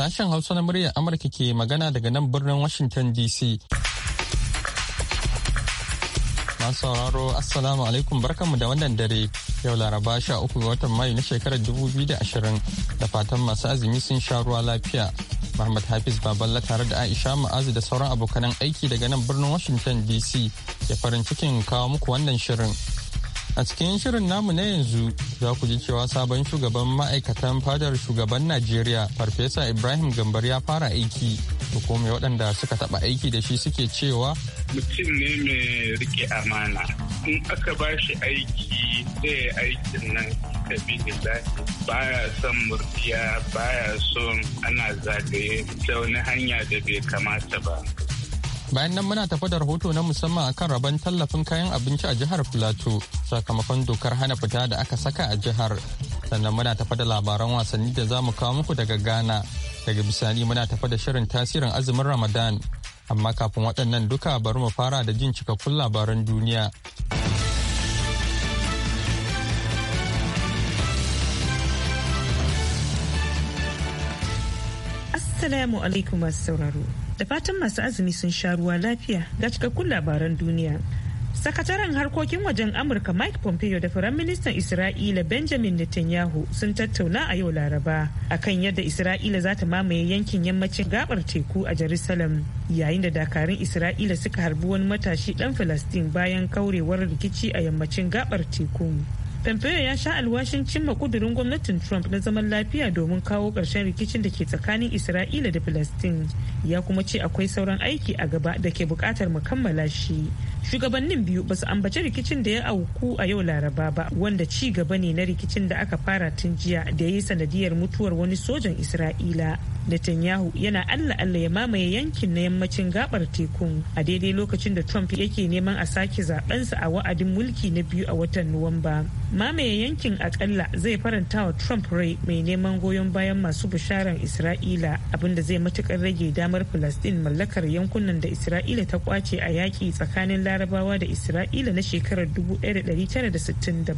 Sashen Hausa na muryar Amurka ke magana daga nan birnin Washington DC. Masu sauraro Assalamu alaikum barkanmu da wannan dare yau Laraba sha uku ga watan Mayu na shekarar dubu biyu da ashirin da fatan masu azumi sun sha ruwa lafiya. Muhammad Hafiz Baballa tare da Aisha Ma'azu da sauran abokanan aiki daga nan birnin Washington DC ya farin cikin kawo muku wannan shirin. A cikin shirin namu na yanzu za ku ji cewa sabon shugaban ma'aikatan fadar shugaban Najeriya Farfesa Ibrahim Gambar ya fara aiki. Hukumi waɗanda suka taɓa aiki da shi suke cewa. Mutum ne mai rike amana. In aka ba shi aiki zai aikin nan sabilillahi baya son murtiya baya son ana zagaye ta wani hanya da bai kamata ba. bayan nan muna tafi da rahoto na musamman akan rabon tallafin kayan abinci a jihar plateau sakamakon dokar hana fita da aka saka a jihar sannan muna tafi da labaran wasanni da zamu kawo muku daga ghana daga bisani muna tafi da shirin tasirin azumin ramadan amma kafin waɗannan duka bari mu fara da jin cikakkun labaran duniya Assalamu alaikum masu sauraro. Da fatan masu azumi sun sha ruwa lafiya ga cikakkun labaran duniya. Sakataren harkokin wajen Amurka Mike Pompeo da Firaministan Isra'ila Benjamin Netanyahu sun tattauna a yau Laraba akan yadda Isra'ila za ta mamaye yankin yammacin gabar teku a Jerusalem yayin da dakarun Isra'ila suka harbi wani matashi dan Falastin bayan kaurewar rikici a yammacin gabar teku. Pompeo ya sha alwashin cimma kudurin gwamnatin Trump na zaman lafiya domin kawo ƙarshen rikicin da ke tsakanin Isra'ila da Filistin. Ya kuma ce akwai sauran aiki a gaba da ke buƙatar mu shi. Shugabannin biyu ba su ambaci rikicin da ya auku a yau Laraba ba wanda ci gaba ne na rikicin da aka fara tun jiya da ya yi sanadiyar mutuwar wani sojan Isra'ila. Netanyahu yana Allah Allah ya mamaye yankin na yammacin gabar tekun a daidai lokacin da Trump yake neman a sake zabensa a wa'adin mulki na biyu a watan Nuwamba. Mamaye yankin akalla zai faranta wa Trump rai mai neman goyon bayan masu bisharar Isra'ila abinda zai matukar rage damar Falastin mallakar yankunan da Isra'ila ta kwace a yaƙi tsakanin Larabawa da Isra'ila na shekarar 1967.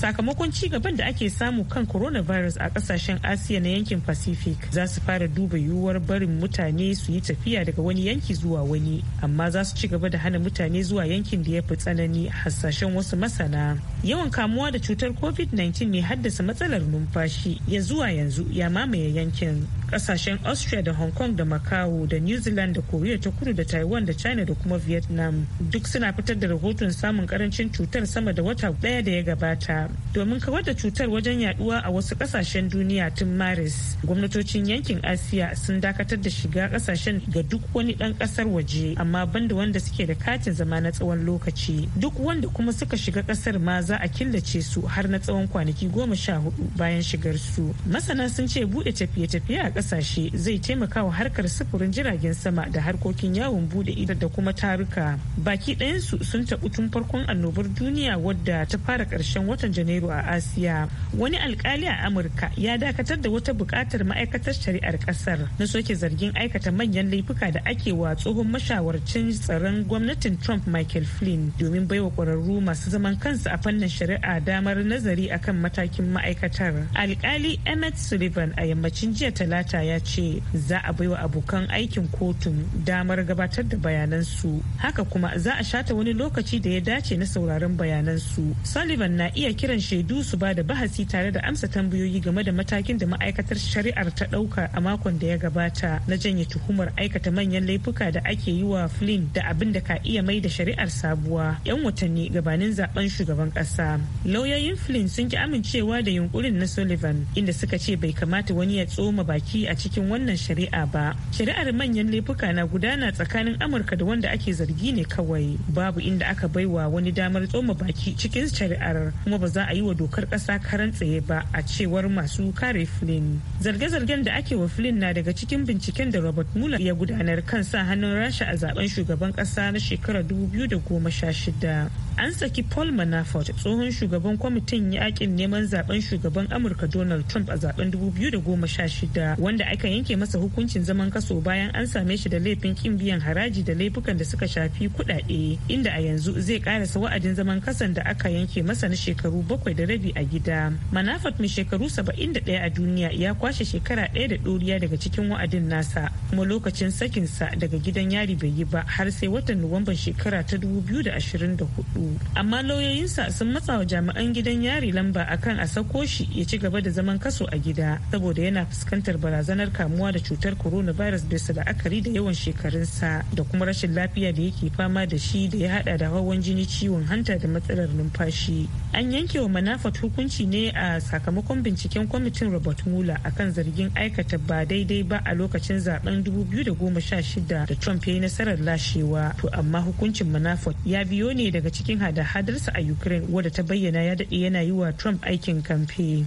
sakamakon ci gaban da ake samu kan coronavirus a kasashen asiya na yankin pacific za su fara duba yiwuwar barin mutane su yi tafiya daga wani yanki zuwa wani amma za su ci gaba da hana mutane zuwa yankin da ya fi tsanani hasashen wasu masana yawan kamuwa da cutar covid-19 ne haddasa matsalar numfashi ya zuwa yanzu ya mamaye yankin kasashen austria da hong kong da macau da new zealand da korea ta kudu da taiwan da china da kuma vietnam duk suna fitar da rahoton samun karancin cutar sama da wata daya da ya gabata domin kawar da cutar wajen yaduwa a wasu kasashen duniya tun maris gwamnatocin yankin asiya sun dakatar da shiga kasashen ga duk wani dan kasar waje amma banda wanda suke da katin zama na tsawon lokaci duk wanda kuma suka shiga kasar ma za a killace su har na tsawon kwanaki goma sha hudu bayan shigar su masana sun ce bude tafiye-tafiye a kasashe zai taimaka wa harkar sufurin jiragen sama da harkokin yawon bude ido da kuma taruka baki ɗayansu sun tabu tun farkon annobar duniya wadda ta fara ƙarshen watan watan janairu a asiya wani alkali a amurka ya dakatar da wata bukatar ma'aikatar shari'ar kasar na soke zargin aikata manyan laifuka da ake wa tsohon mashawarcin tsaron gwamnatin trump michael flynn domin baiwa kwararru masu zaman kansu a fannin shari'a damar nazari akan matakin ma'aikatar alkali emmett sullivan a yammacin jiya talata ya ce za a baiwa abokan aikin kotun damar gabatar da bayanansu haka kuma za a shata wani lokaci da ya dace na sauraron bayanansu sullivan na iya kiran shaidu su ba da bahasi tare da amsa tambayoyi game da matakin da ma'aikatar shari'ar ta ɗauka a makon da ya gabata na janye tuhumar aikata manyan laifuka da ake yi wa Flynn da abin da ka iya mai da shari'ar sabuwa 'yan watanni gabanin zaben shugaban ƙasa. Lauyoyin Flynn sun ki amincewa da yunkurin na Sullivan inda suka ce bai kamata wani ya tsoma baki a cikin wannan shari'a ba. Shari'ar manyan laifuka na gudana tsakanin Amurka da wanda ake zargi ne kawai. Babu inda aka baiwa wani damar tsoma baki cikin shari'ar kuma ba za a yi wa dokar ƙasa karan tsaye ba a cewar masu kare flynn zarge-zargen da ake wa flynn na daga cikin binciken da robert mueller ya gudanar kan sa hannun rasha a zaben shugaban ƙasa na shekarar 2016 an saki paul manafort tsohon shugaban kwamitin yakin neman zaben shugaban amurka donald trump a zaben 2016 wanda aka yanke masa hukuncin zaman kaso bayan an same shi da laifin kin biyan haraji da laifukan da suka shafi kuɗaɗe inda a yanzu zai ƙarasa wa'adin zaman kasan da aka yanke masa na shekaru shekaru bakwai da rabi a gida. Manafat mai shekaru saba'in da ɗaya a duniya ya kwashe shekara ɗaya da ɗoriya daga cikin wa'adin nasa kuma lokacin sakinsa daga gidan yari bai yi ba har sai watan Nuwamban shekara ta dubu biyu da ashirin da hudu. Amma lauyoyinsa sun matsa wa jami'an gidan yari lamba akan a sako shi ya ci gaba da zaman kaso a gida saboda yana fuskantar barazanar kamuwa da cutar coronavirus bisa la'akari da yawan shekarunsa da kuma rashin lafiya da yake fama da shi da ya haɗa da hawan jini ciwon hanta da matsalar numfashi. An yanke wa manafat hukunci ne a sakamakon binciken kwamitin robert a kan zargin aikata ba daidai ba a lokacin zaben 2016 da trump ya yi nasarar lashewa to amma hukuncin manafat ya biyo ne daga cikin hada-hadarsa a ukraine wadda ta bayyana ya daɗe yana yi wa trump aikin kamfe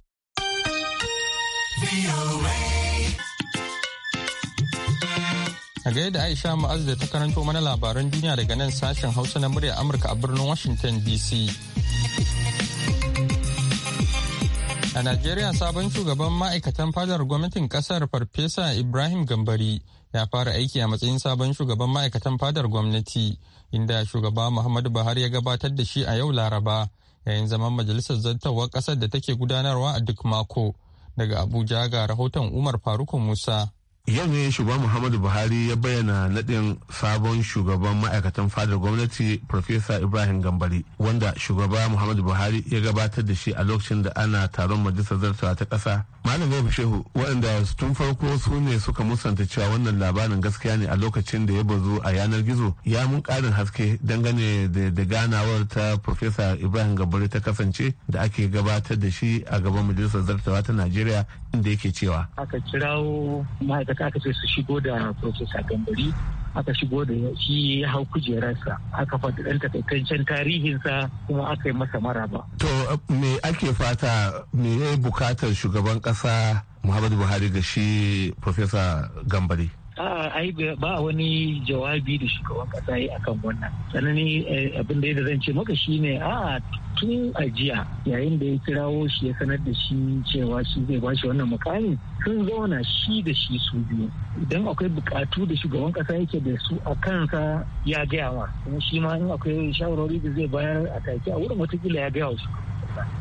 a gaida aisha ma'azu da ta karanto mana labaran duniya daga nan sashen hausa na murya amurka a birnin washington dc A Najeriya sabon shugaban ma'aikatan fadar gwamnatin kasar Farfesa Ibrahim Gambari ya fara aiki a matsayin sabon shugaban ma'aikatan fadar gwamnati inda shugaba Muhammadu Buhari ya gabatar da shi a yau Laraba yayin zaman majalisar zartawar ƙasar da take gudanarwa a duk mako. Daga Abuja ga rahoton Umar Faruk Musa. yau ne shugaban muhammadu buhari ya bayyana nadin sabon shugaban ma'aikatan fadar gwamnati profesa ibrahim gambari wanda shugaba muhammadu buhari ya gabatar da shi a lokacin da ana taron majalisar zartawa ta kasa malam yabu shehu waɗanda tun farko su ne suka musanta cewa wannan labarin gaskiya ne a lokacin da ya bazu a yanar gizo ya mun karin haske dangane da ganawar ta profesa ibrahim gambari ta kasance da ake gabatar da shi a gaban majalisar zartawa ta najeriya da yake cewa aka kirawo ma'aikata aka ce su shigo da profesa gambari aka shigo da shi ya hau kujerarsa aka faɗi ɗan takaitaccen tarihinsa kuma aka yi masa maraba. to me ake fata me ya bukatar shugaban ƙasa muhammadu buhari ga shi profesa gambari ai ba wani jawabi da shugaban kasa yi akan wannan sanani eh, abin da ya zan ce maka shine a tun a yayin da ya kirawo shi ya sanar da shi cewa shi zai ba shi wannan mukamin. sun zauna shi da shi su biyu idan akwai bukatu da shugaban kasa yake da su a kansa ya gaya wa kuma shi ma in akwai shawarwari da zai bayar a take a wurin watakila ya gaya wa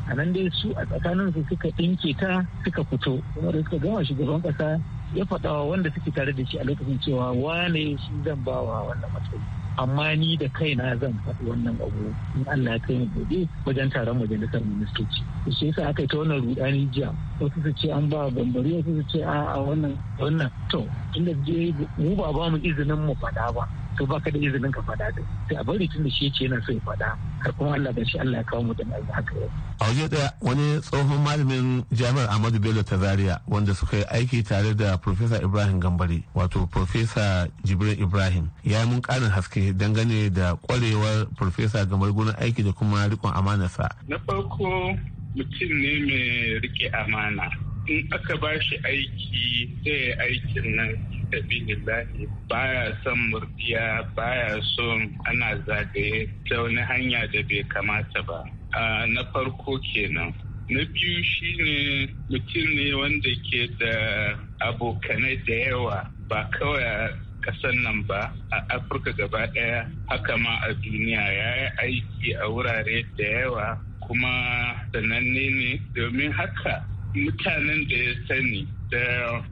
a nan dai su a tsakaninsu suka ɗinke ta suka fito kuma da suka gama shugaban kasa ya faɗa wanda suke tare da shi a lokacin cewa wane shi zan ba wa wannan matsayi amma ni da kaina zan faɗi wannan abu in Allah ya kai gobe wajen taron majalisar ministoci shi yasa aka yi ta wannan rudani jiya wasu su ce an ba bambari wasu su ce wannan wannan to inda je mu ba ba mu izinin mu faɗa ba to ka da izinin ka faɗa da sai a bari tun da shi yake yana so ya faɗa har kuma Allah da shi Allah ya kawo mu da haka yau a waje daya wani tsohon malamin jami'ar Ahmadu Bello ta Zaria wanda suka yi aiki tare da Profesa Ibrahim Gambari wato Profesa Jibril Ibrahim ya yi mun ƙarin haske dangane da kwarewar Profesa Gambari gurin aiki da kuma rikon amanarsa na farko mutum ne mai rike amana in aka ba shi aiki sai aikin nan sabilillahi baya son murdiya baya son ana zagaye ta wani hanya da bai kamata ba na farko kenan na biyu shine mutum ne wanda ke da abokanai da yawa ba kawai a kasan nan ba a afirka gaba ɗaya haka ma a duniya ya yi aiki a wurare da yawa kuma sananne ne domin haka mutanen da ya sani da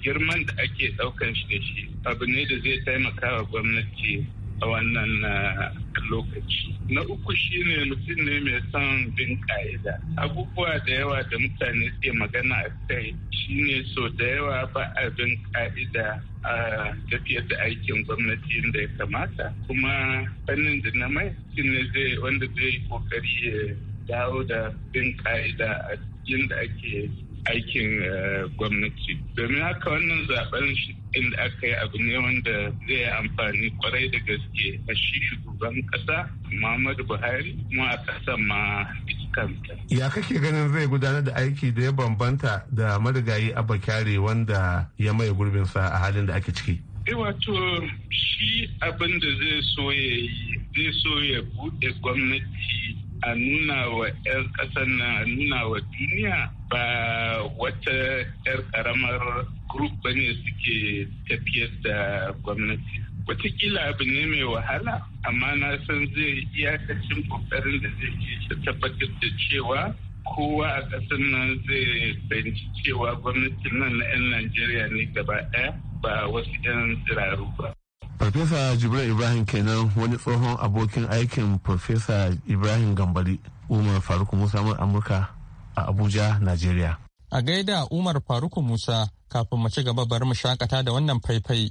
girman da ake daukan shi da shi abu ne da zai taimaka wa gwamnati a wannan uh, lokaci. Na uku shine mutum ne mai son bin ka'ida. Abubuwa da yawa da mutane ke magana a kai shine so da yawa ba a bin ka'ida a tafiyar da aikin gwamnati da ya kamata. Kuma fannin da na mai ne zai wanda zai kokari ya dawo da bin ka'ida a da ake aikin eh, gwamnati domin haka wannan zaben inda aka yi abu ne wanda zai yi amfani kwarai da gaske a shi shugaban kasa muhammadu buhari kuma a kasa ma kanta ya kake ganin zai gudanar da aiki da ya bambanta da marigayi abba kyare wanda ya maye gurbinsa a halin da ake ciki eh, wato shi abinda da zai so yi zai so ya buɗe gwamnati a nuna wa 'yan ƙasar nan a nuna wa duniya ba wata 'yar ƙaramar grup bane suke tafiyar da gwamnati watakila abu ne mai wahala amma na san zai iyakacin kokarin da zai ke tabbatar da cewa kowa a ƙasar nan zai fahimci cewa gwamnatin nan na 'yan najeriya ne gaba ɗaya ba wasu 'yan tsiraru ba farfesa jibril ibrahim kenan wani tsohon abokin aikin farfesa ibrahim gambari umar faruk musa amurka a abuja Najeriya. a gaida umar faruk musa kafin mace gaba bari mu shakata da wannan faifai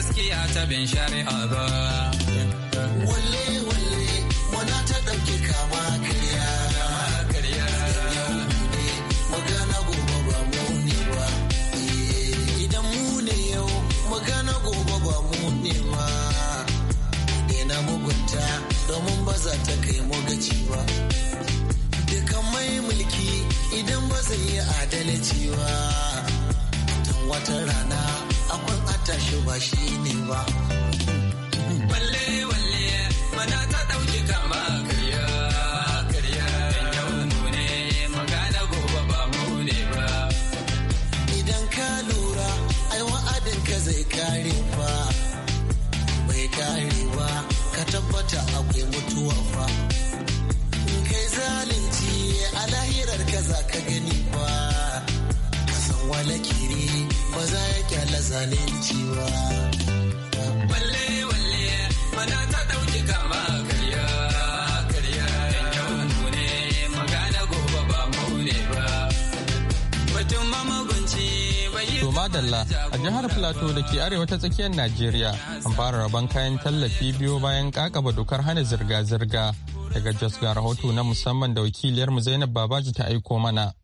gaskiya ta bin shari'a ba Madalla a jihar Filato da ke arewa ta tsakiyar Najeriya an fara rabon kayan tallafi biyo bayan kakaba dokar hana zirga-zirga daga Jos ga rahoto na musamman da wakiliyarmu Zainab Babaji ta aiko mana.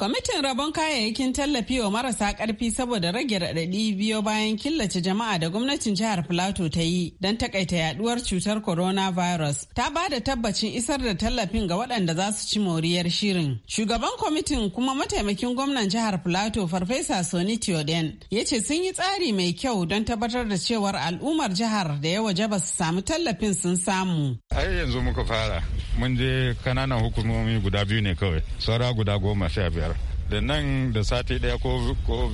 Kwamitin rabon kayayyakin tallafi wa marasa karfi saboda rage raɗaɗi biyo bayan killace jama'a da gwamnatin jihar Filato ta yi don takaita yaduwar cutar coronavirus ta ba da tabbacin isar da tallafin ga waɗanda za su ci moriyar shirin. Shugaban kwamitin kuma mataimakin gwamnan jihar Filato Farfesa Soni Tioden ya ce sun yi tsari mai kyau don tabbatar da cewar al'ummar jihar da ya waje ba su samu tallafin sun samu. Ai yanzu muka fara mun je kananan hukumomi guda biyu ne kawai saura guda goma sha biyar. da nan da sati daya ko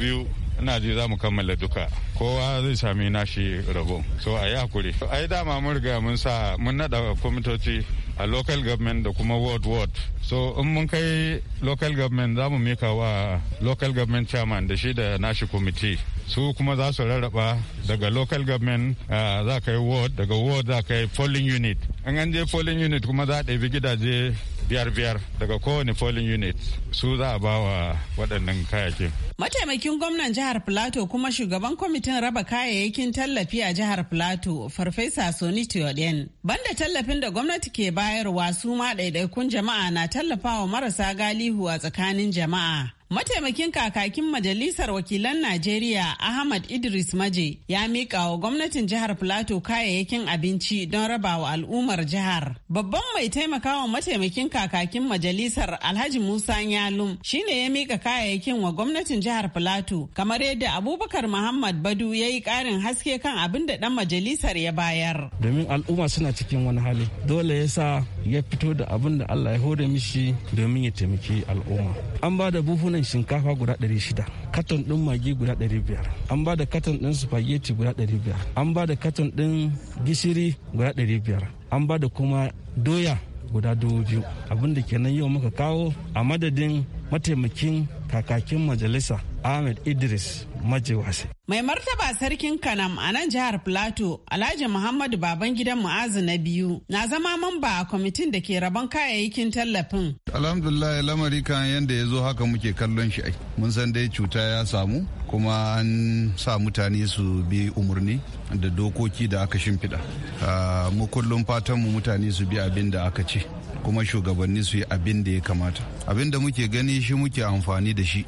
biyu ina ji za mu kammala duka kowa zai sami nashi rabo so a yi hakuri ai dama mun riga mun sa mun nada kwamitoci a local government da kuma ward ward so in mun kai local government za mu mika wa local government chairman da shi da nashi komiti. su kuma za su rarraba daga local government uh, za ka yi ward daga ward za ka yi polling unit an an je polling unit kuma za a ɗabi gidaje biyar biyar daga kowane polling unit su za a bawa waɗannan kayakin mataimakin gwamnan jihar plateau kuma shugaban kwamitin raba kayayyakin tallafi a jihar plateau farfesa soni tioden banda tallafin da gwamnati ke bayarwa su ma ɗaiɗaikun jama'a na tallafawa marasa galihu a tsakanin jama'a Mataimakin kakakin Majalisar Wakilan Najeriya Ahmad Idris Maje ya miƙa wa gwamnatin jihar Filato kayayyakin abinci don rabawa al'ummar jihar. Babban mai taimakawa mataimakin kakakin Majalisar Alhaji Musa Yalum shine ya mika kayayyakin wa gwamnatin jihar Filato kamar yadda Abubakar Muhammad Badu ya yi ƙarin haske kan abin da ɗan majalisar ya bayar. Domin al'umma suna cikin wani hali dole ya sa ya fito da abin da Allah ya hore mishi domin ya taimaki al'umma. An ba da buhuna kwanan shinkafa guda 600 katon ɗin magi guda 500 an ba da katon ɗin spaghetti guda 500 an ba da katon ɗin gishiri guda 500 an ba da kuma doya guda 2,000 biyu abinda kenan yau muka kawo a madadin mataimakin kakakin majalisa Ahmed Idris Majewase. Mai martaba sarkin Kanam a nan jihar Plateau, Alhaji Muhammadu Baban Mu'azu na biyu, na zama mamba a kwamitin da ke rabon kayayyakin tallafin. Alhamdulillah lamari kan yadda ya zo haka muke kallon shi ai. Mun san dai cuta ya samu kuma an sa mutane su bi umarni da dokoki da aka shimfiɗa. Ah, mu kullum fatanmu mutane su bi abin da aka ce. kuma shugabanni su yi abin da ya kamata abin da muke gani shi muke amfani da shi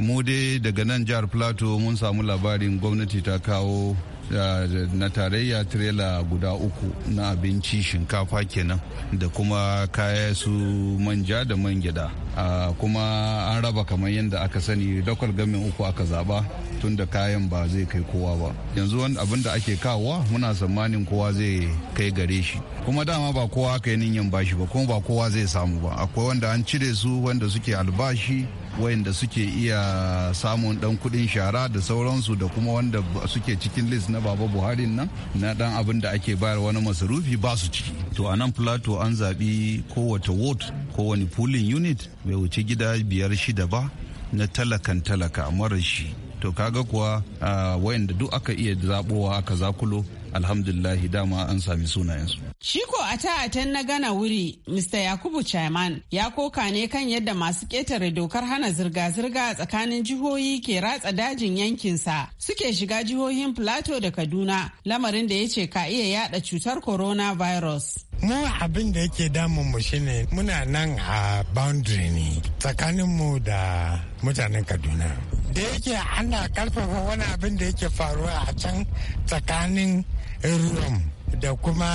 mu dai daga nan jihar plateau mun samu labarin gwamnati ta kawo na tarayya tirela guda uku na abinci shinkafa kenan da kuma kaya su manja da man gida kuma an raba kamar yadda aka sani dakwal gamin uku aka zaba tun da kayan ba zai kai kowa ba yanzu abin da ake kawowa muna tsammanin kowa zai kai gare shi kuma dama ba kowa aka yi niyan bashi ba kuma ba kowa zai samu ba akwai wanda an cire su wanda suke albashi wayanda suke iya samun dan kudin shara da sauransu da kuma wanda suke cikin list na baba buhari nan na dan abin da ake bayar wani masarufi ba su ciki to a nan plateau an zaɓi kowace ward kowane pooling unit bai wuce gida biyar shida ba na talakan talaka mara shi to kaga kuwa wayanda duk aka iya zabowa aka zakulo alhamdulillahi dama an sami sunayensu. Shiko a ta'atan na gana wuri, Mr. Yakubu Chaiman ya koka ne kan yadda masu ketare dokar hana zirga-zirga a tsakanin jihohi ke ratsa dajin yankinsa suke shiga jihohin Plateau da Kaduna, lamarin da ya ce ka iya yada cutar coronavirus. mu abin da yake damun mu shine muna nan a boundary ne mu da mutanen kaduna da yake ana karfafa wani abin da yake faruwa a can tsakanin ruwan da kuma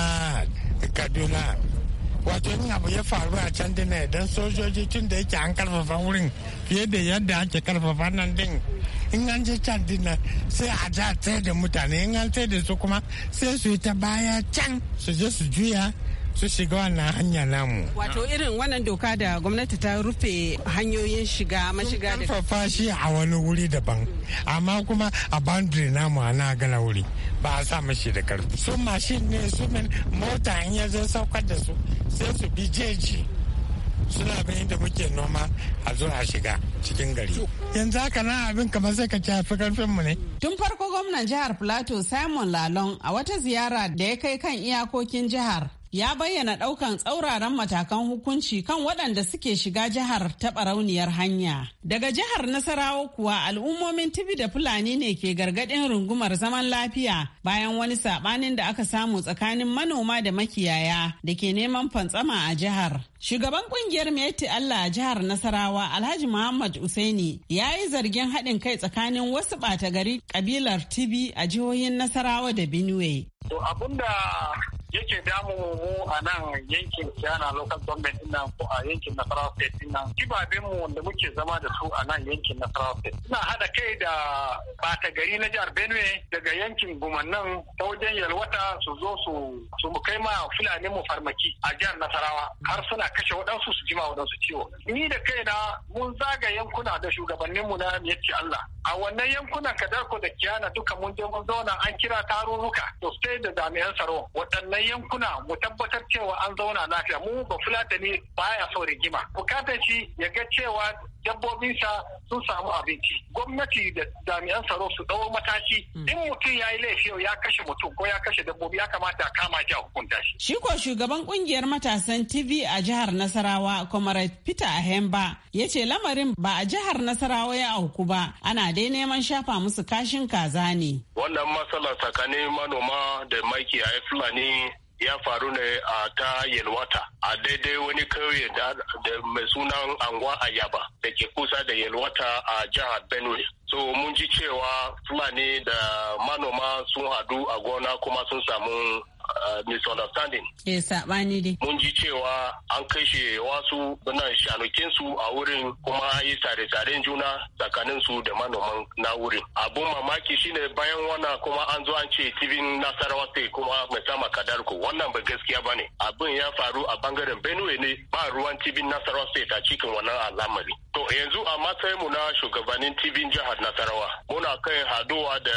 kaduna wato yin abu ya faru a can dina idan sojoji tun da yake an karfafa wurin fiye da yadda ake karfafa nan din in an je can dina sai a ja da mutane in an da su kuma sai su yi ta baya can su je su juya su shiga wannan hanya namu. Wato irin wannan doka da gwamnati ta rufe hanyoyin shiga mashiga da karfafa shi a wani wuri daban amma kuma a boundary namu a na gana wuri ba a sa mashi da karfi. Su mashin ne su min mota in yanzu saukar da su sai su bi jeji. suna bin inda muke noma a zo a shiga cikin gari. Yanzu haka na abin kamar sai ka ci karfin mu ne. Tun farko gwamnan jihar Plateau Simon Lalon a wata ziyara da ya kai kan iyakokin jihar ya bayyana ɗaukan tsauraran matakan hukunci kan waɗanda suke shiga jihar ta barauniyar hanya. Daga jihar Nasarawa kuwa al'ummomin Tibi da Fulani ne ke gargaɗin rungumar zaman lafiya bayan wani saɓanin da aka samu tsakanin manoma da makiyaya da ke neman fantsama a jihar. Shugaban kungiyar Meti Allah a jihar Nasarawa Alhaji Muhammad Usaini ya yi zargin haɗin kai tsakanin wasu ɓata gari ƙabilar Tibi a jihohin Nasarawa da Benue. To abinda yake damu mu a nan yankin Kiyana local government din nan ko a yankin Nasarawa state din nan mu wanda muke zama da su a nan yankin Nasarawa state ina hada kai da bata gari na jihar Benue daga yankin Gumannan ta wajen Yalwata su zo su su mu kai ma Fulani mu farmaki a jihar Nasarawa har suna kashe waɗansu su jima waɗansu ciwo ni da kaina mun zaga yankuna da shugabannin mu na yace Allah a wannan yankunan Kadarko da Kiyana duka mun je mun zauna an kira tarurruka to sai da jami'an tsaro waɗannan yankuna mu tabbatar cewa an zauna lafiya mu ba fulatani baya so rigima bukatar shi ya ga cewa dabbobinsa sun samu abinci gwamnati da jami'an tsaro su dawo mataki hmm. in mutum ya yi laifi ya kashe mutum ko ya kashe dabbobi ya kamata kama shi a hukunta shi. shi ko shugaban kungiyar matasan tv a jihar nasarawa comrade peter ahemba ya ce lamarin ba a jihar nasarawa ya auku ba ana dai neman shafa musu kashin kaza ne. wannan matsala tsakanin manoma da makiyaya fulani ya faru ne a ta yelwata a daidai wani kauye da mai sunan angwa ayaba da ke kusa da yelwata a jihar benue so mun ji cewa fulani da manoma sun hadu a gona kuma sun samu Uh, misunderstanding. Eh ni dai. Mun ji cewa an kashe wasu nan shanukin su a wurin kuma an yi sare-saren juna tsakanin su da manoman na wurin. Abun mamaki shine bayan wannan kuma an zo an ce tibin Nasarawa State kuma Maitama Kadarko wannan ba gaskiya ne. Abin ya faru a bangaren Benue ne ba ruwan tibin Nasarawa State a cikin wannan al'amari. To yanzu a matsayin mu na shugabannin tibin jihar Nasarawa muna kai haduwa da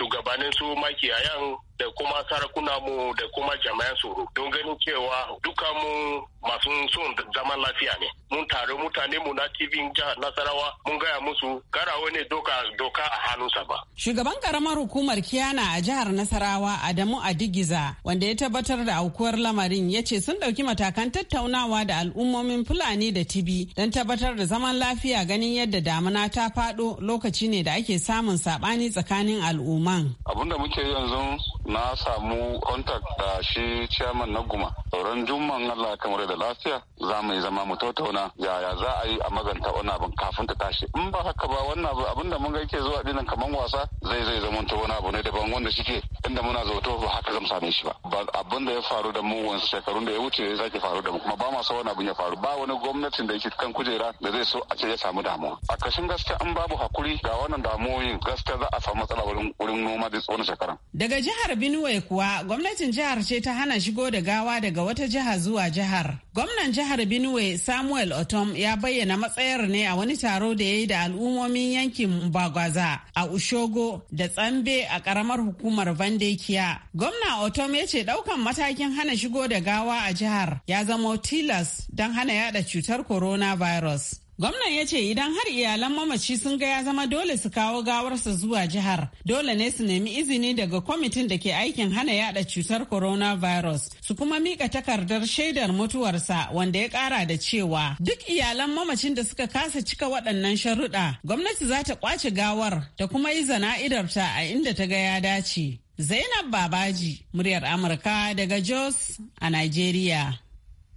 shugabannin su makiyayan da kuma sarakuna mu da kuma jama'an tsoro don ganin cewa duka mu masu son zaman lafiya ne mun tare mutane mu na tv jihar nasarawa mun gaya musu kara wani doka doka a hannunsa ba shugaban karamar hukumar kiyana a jihar nasarawa adamu adigiza wanda ya tabbatar da aukuwar lamarin ya ce sun dauki matakan tattaunawa da al'ummomin fulani da tibi don tabbatar da zaman lafiya ganin yadda damuna ta faɗo lokaci ne da ake samun saɓani tsakanin al'umman abinda muke yanzu na samu kontak da shi ciyaman na guma sauran jumman allah kamar da lafiya za mu yi zama mu tattauna yaya za a yi a maganta wani abin kafin ta tashi in ba haka ba wannan abu abin da mun ga yake zuwa dinan kamar wasa zai zai zama ta wani abu ne daban wanda shike inda muna zauto ba haka zan same shi ba abin da ya faru da mu wasu shekarun da ya wuce ya sake faru da mu kuma ba ma so wani abin ya faru ba wani gwamnatin da yake kan kujera da zai so a ce ya samu damuwa a kashin gaskiya in babu hakuri ga wannan damuwoyin gaskiya za a samu matsala wurin noma da tsawon shekaran daga jihar jihar Benue kuwa gwamnatin jihar ce ta hana shigo da gawa daga wata jiha zuwa jihar. Gwamnan jihar Benue Samuel Otom ya bayyana matsayar ne a wani taro da ya yi da al'ummomin yankin Bagwaza a Ushogo da Tsambe a karamar hukumar Vandekiya. Gwamna Otom ya ce daukan matakin hana shigo da gawa a jihar ya zama tilas don hana yada cutar coronavirus. Gwamnan ya ce idan har iyalan mamaci sun ga ya zama dole su kawo gawarsa zuwa jihar, dole ne su nemi izini daga kwamitin da ke aikin hana yada cutar coronavirus su kuma mika takardar shaidar mutuwarsa wanda ya kara da cewa duk iyalan mamacin da suka kasa cika waɗannan sharuɗa, gwamnati za ta kwace gawar da kuma yi zana idarta a inda ta ga ya dace. Zainab Babaji, muryar Amurka daga Jos a Nigeria.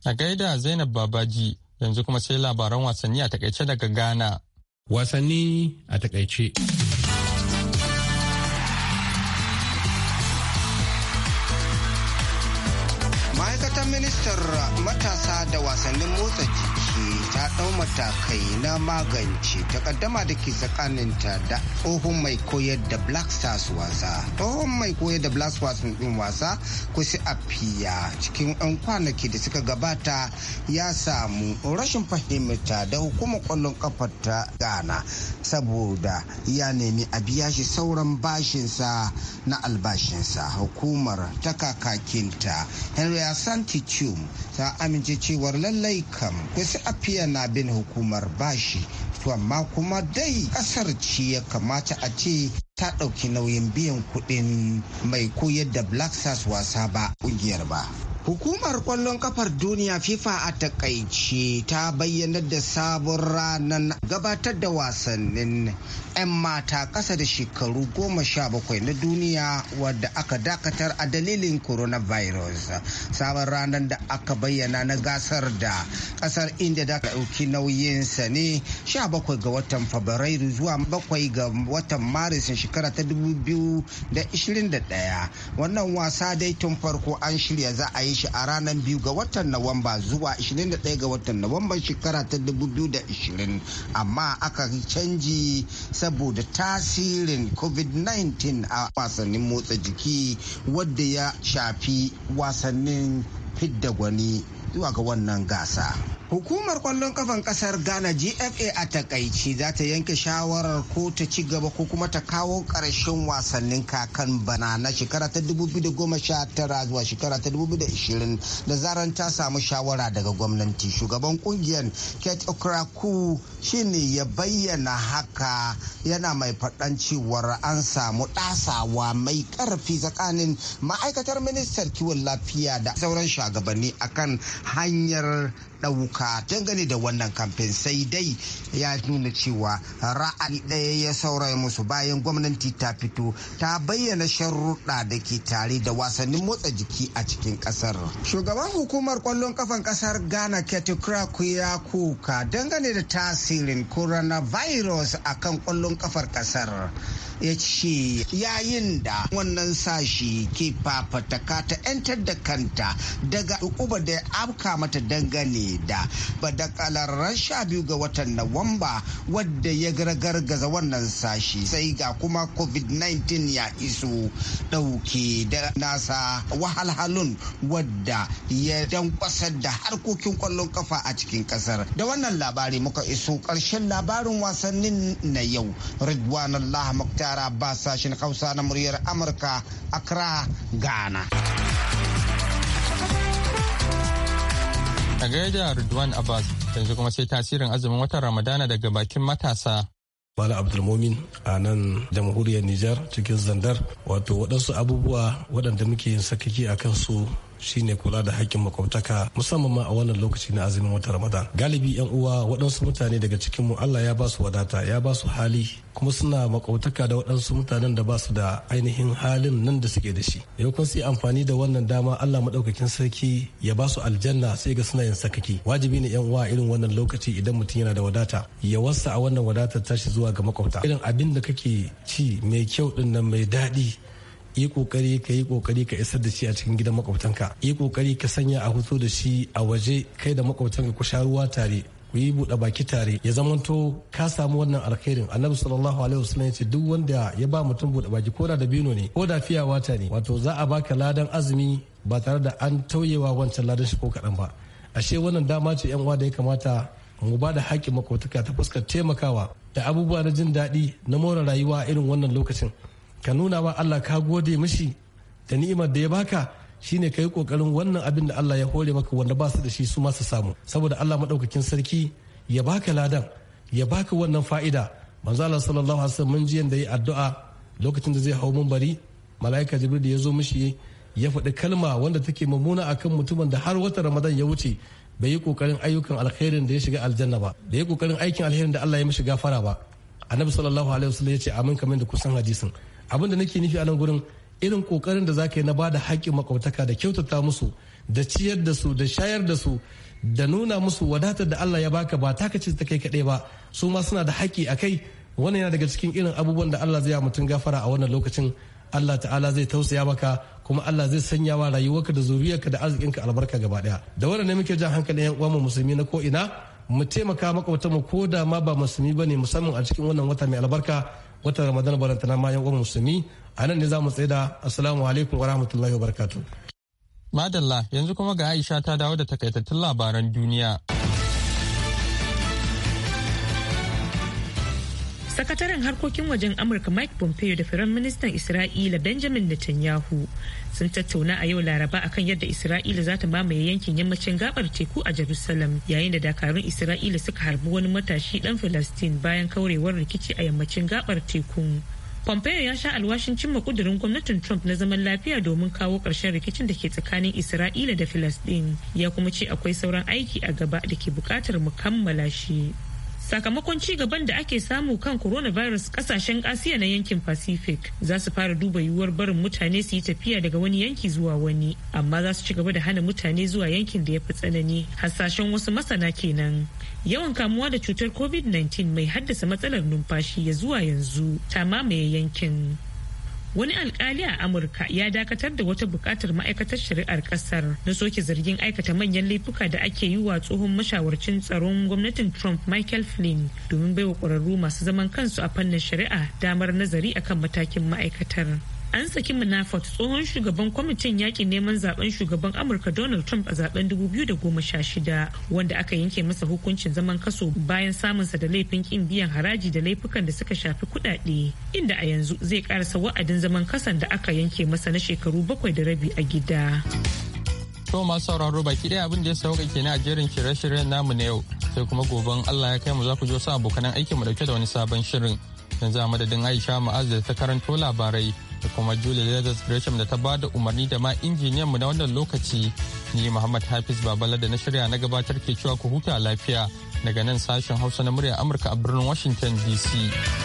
A gaida Zainab Babaji. yanzu kuma sai labaran wasanni a takaice daga Ghana. Wasanni a takaice. Ma'aikatan ministar matasa da wasannin motsa jiki ta ɗau matakai na magance takaddama da ke tsakaninta da tsohon mai koyar da black stars wasa tsohon mai koyar da black stars ɗin wasa kusi fiya cikin 'yan kwanaki da suka gabata ya samu rashin fahimta da hukumar kwallon kafa ta ghana saboda ya nemi a biya shi sauran bashinsa na albashinsa hukumar ta kakakinta henry santi ta amince cewar lallai kam kusi afiya bayyana bin hukumar bashi to amma kuma dai kasar ce ya kamata a ce ta ɗauki nauyin biyan kuɗin mai koyar da black stars wasa ba ƙungiyar ba Hukumar kwallon kafar duniya FIFA a takaice ta bayyana da sabon ranar gabatar da wasannin 'yan mata ƙasa da shekaru goma sha bakwai na duniya wadda aka dakatar a dalilin coronavirus. Sabon ranar da aka bayyana na gasar da ƙasar inda da ɗauki nauyinsa ne sha bakwai ga watan Fabrairu zuwa bakwai ga watan Maris shekara ta 2021 wannan wasa dai tun farko an shirya za a yi shi a ranar biyu ga watan nawamba zuwa 21 ga watan nawamba shekara ta 2020 amma aka canji saboda tasirin covid-19 a wasannin motsa jiki wadda ya shafi wasannin fidda gwani zuwa ga wannan gasa. Hukumar kwallon kafan kasar Ghana GFA a takaici za ta yanke shawarar ko ta ci gaba ko kuma ta kawo ƙarshen wasannin kakan bana na shekara ta 2019 zuwa shekara ta 2020 da zaran ta samu shawara daga gwamnati. Shugaban kungiyar Kate Okraku ne ya bayyana haka yana mai faɗan cewar an samu ɗasawa mai ƙarfi tsakanin ma'aikatar ministan kiwon lafiya da sauran shugabanni akan hanyar ɗauka dangane da wannan kamfen sai dai ya nuna cewa ra'ayi ɗaya ya saurayi musu bayan gwamnati ta fito ta bayyana sharuɗa da ke tare da wasannin motsa jiki a cikin ƙasar. shugaban hukumar kwallon kafan ƙasar ghana ketikrak ya kuka dangane da tasirin coronavirus a kan kwallon ƙafar ƙasar ya ce yayin da wannan sashi ke fafataka ta 'yantar da kanta daga hukumar da ya afka mata dangane da badakalar ran sha biyu ga watan Nuwamba wadda ya gargaza wannan sashi sai ga kuma COVID-19 ya iso ɗauke da nasa wahalhalun wadda ya dankwasar da harkokin kwallon kafa a cikin kasar. Da wannan labari muka iso karshen labarin wasannin na yau. Ridwan Allah Muktara ba sashen Hausa na muryar Amurka, Accra, Ghana. A gaida Ridwan Abbas yanzu kuma sai tasirin azumin watan Ramadana daga bakin matasa. bala Abdulmumin a nan jamhuriyar Nijar cikin zandar wato waɗansu abubuwa waɗanda muke yin sakaki a kansu shine kula da hakkin makwabtaka musamman ma a wannan lokaci na azumin wata ramadan galibi yan uwa waɗansu mutane daga cikinmu allah ya ba su wadata ya ba su hali kuma suna makwabtaka da waɗansu mutanen da ba su da ainihin halin nan da suke da shi yau kun sai amfani da wannan dama allah maɗaukakin sarki ya ba su aljanna sai ga suna yin sakaki wajibi ne yan uwa irin wannan lokaci idan mutum yana da wadata ya wasa a wannan wadatar tashi zuwa ga makwabta irin abin da kake ci mai kyau ɗin nan mai daɗi yi kokari ka yi kokari ka isar da shi a cikin gidan makwabtanka yi kokari ka sanya a hoto da shi a waje kai da makwabtanka ku sha ruwa tare ku yi buɗe baki tare ya zamanto ka samu wannan alkhairin annabi sallallahu alaihi wasallam yace duk wanda ya ba mutum buɗe baki ko da dabino ne ko da fiyawa ta ne wato za a baka ladan azumi ba tare da an tauyewa wancan ladan shi ko kaɗan ba ashe wannan dama ce yan uwa da ya kamata mu ba da haƙƙin makwabtaka ta fuskar taimakawa da abubuwa na jin daɗi na more rayuwa irin wannan lokacin ka nuna wa Allah ka gode mishi da ni'imar da ya baka shine ka yi kokarin wannan abin da Allah ya hore maka wanda ba su da shi su ma samu saboda Allah madaukakin sarki ya baka ladan ya baka wannan fa'ida manzo Allah sallallahu alaihi wasallam ji yanda yi addu'a lokacin da zai hau bari malaika jibril ya zo mishi ya faɗi kalma wanda take mummuna akan mutumin da har wata ramadan ya wuce bai yi kokarin ayyukan alkhairin da ya shiga aljanna ba bai yi kokarin aikin alherin da Allah ya mishi gafara ba annabi sallallahu alaihi wasallam ya ce amin kamar da kusan hadisin abin da nake nufi a nan gurin irin kokarin da zaka yi na bada haƙƙin makwabtaka da kyautata musu da ciyar da su da shayar da su da nuna musu wadatar da Allah ya baka ba taka ce ta kai kaɗai ba su ma suna da haƙƙi a kai wannan yana daga cikin irin abubuwan da Allah zai ya mutum gafara a wannan lokacin Allah ta'ala zai tausaya maka kuma Allah zai sanya wa rayuwarka da zuriyarka da arzikinka albarka gaba daya da wannan ne muke jan hankalin yan uwan musulmi na ko ina mu taimaka makwabta ko da ma ba musulmi bane musamman a cikin wannan wata mai albarka watan ramadan barantana ma yan uwan musulmi a nan ne za mu tsaye da assalamu alaikum wa rahmatullahi wa barakatu madalla yanzu kuma ga aisha ta dawo da takaitattun labaran duniya sakataren harkokin wajen amurka mike pompeo da firan ministan isra'ila benjamin netanyahu sun tattauna a yau laraba akan yadda isra'ila za ta mamaye yankin yammacin gabar teku a jerusalem yayin da dakarun isra'ila suka harbi wani matashi dan filastin bayan kaurewar rikici a yammacin gabar tekun pompeo ya sha alwashin cimma kudurin gwamnatin trump na zaman lafiya domin kawo ƙarshen rikicin da ke tsakanin isra'ila da filastin ya kuma ce akwai sauran aiki a gaba da ke bukatar mu kammala shi sakamakon ci gaban da ake samu kan coronavirus kasashen asiya na yankin pacific za su fara duba yiwuwar barin mutane su yi tafiya daga wani yanki zuwa wani amma za su ci gaba da hana mutane zuwa yankin da ya fi tsanani hasashen wasu masana kenan yawan kamuwa da cutar covid-19 mai haddasa matsalar numfashi ya zuwa yanzu ta mamaye yankin wani alkali a amurka ya dakatar da wata bukatar ma'aikatar shari'ar kasar na soke zargin aikata manyan laifuka da ake yi wa tsohon mashawarcin tsaron gwamnatin trump michael flynn domin baiwa kwararru masu zaman kansu a fannin shari'a damar nazari akan matakin ma'aikatar an saki manafort tsohon shugaban kwamitin yakin neman zaben shugaban amurka donald trump a zaben 2016 wanda aka yanke masa hukuncin zaman kaso bayan samunsa da laifin kin biyan haraji da laifukan da suka shafi kudade inda a yanzu zai karasa wa'adin zaman kasan da aka yanke masa na shekaru bakwai da rabi a gida to masu sauraro baki daya abin da ya sauka kenan a jerin shirye-shiryen namu na yau sai kuma goben allah ya kai mu za ku jo sa abokanan aikin mu dauke da wani sabon shirin yanzu a madadin aisha ma'az da ta karanto labarai da kuma julia Lagos Gresham da ta ba da umarni da ma injiniyan mu na wannan lokaci ni Muhammad Hafiz Babala da na shirya na gabatar ke cewa ku huta lafiya daga nan sashen Hausa na murya Amurka a birnin Washington DC.